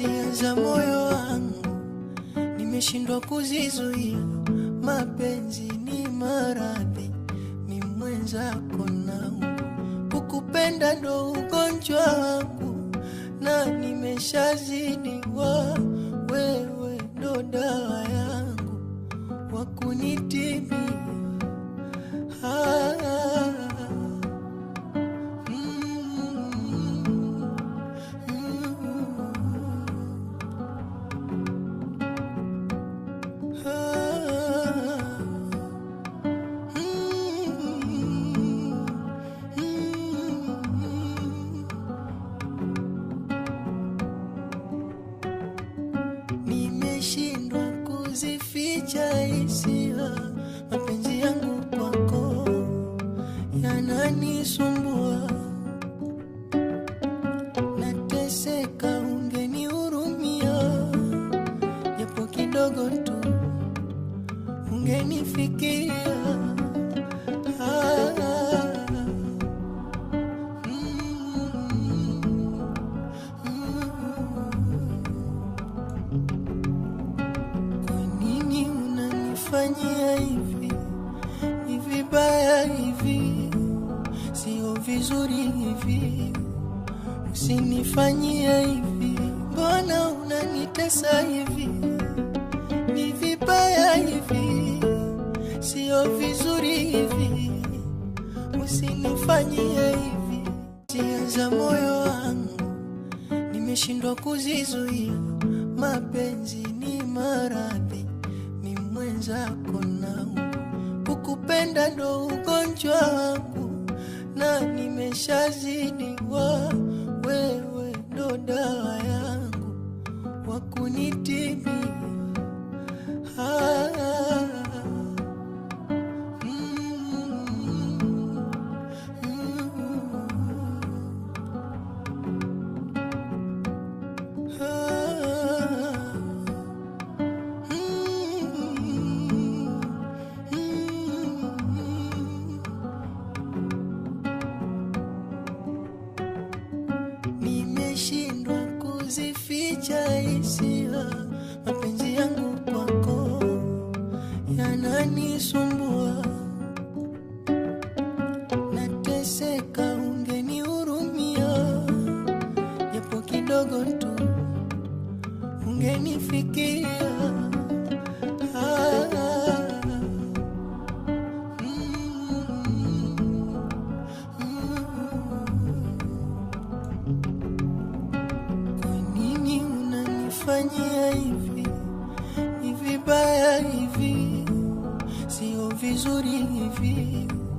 hisia za moyo wangu nimeshindwa kuzizuia. Mapenzi ni maradhi, ni mwenzako nangu, kukupenda ndo ugonjwa wangu na nimeshazidiwa wewe nimeshindwa kuzificha hisia, mapenzi yangu kwako yananisumbua, nateseka, ungenihurumia japo kidogo tu, ungenifikiria kunifanyia hivi hivi, baya hivi, sio vizuri hivi, usinifanyia hivi, mbona unanitesa hivi, ni vibaya hivi, sio vizuri hivi, usinifanyia hivi, tia za moyo wangu nimeshindwa kuzizuia mapenzi zako nangu, kukupenda ndo ugonjwa wangu, na nimeshazidiwa wewe nimeshindwa kuzificha hisia, mapenzi yangu kwako yananisumbua, nateseka, ungenihurumia japo kidogo tu, ungenifikiria umenifanyia hivi ni vibaya hivi, sio vizuri hivi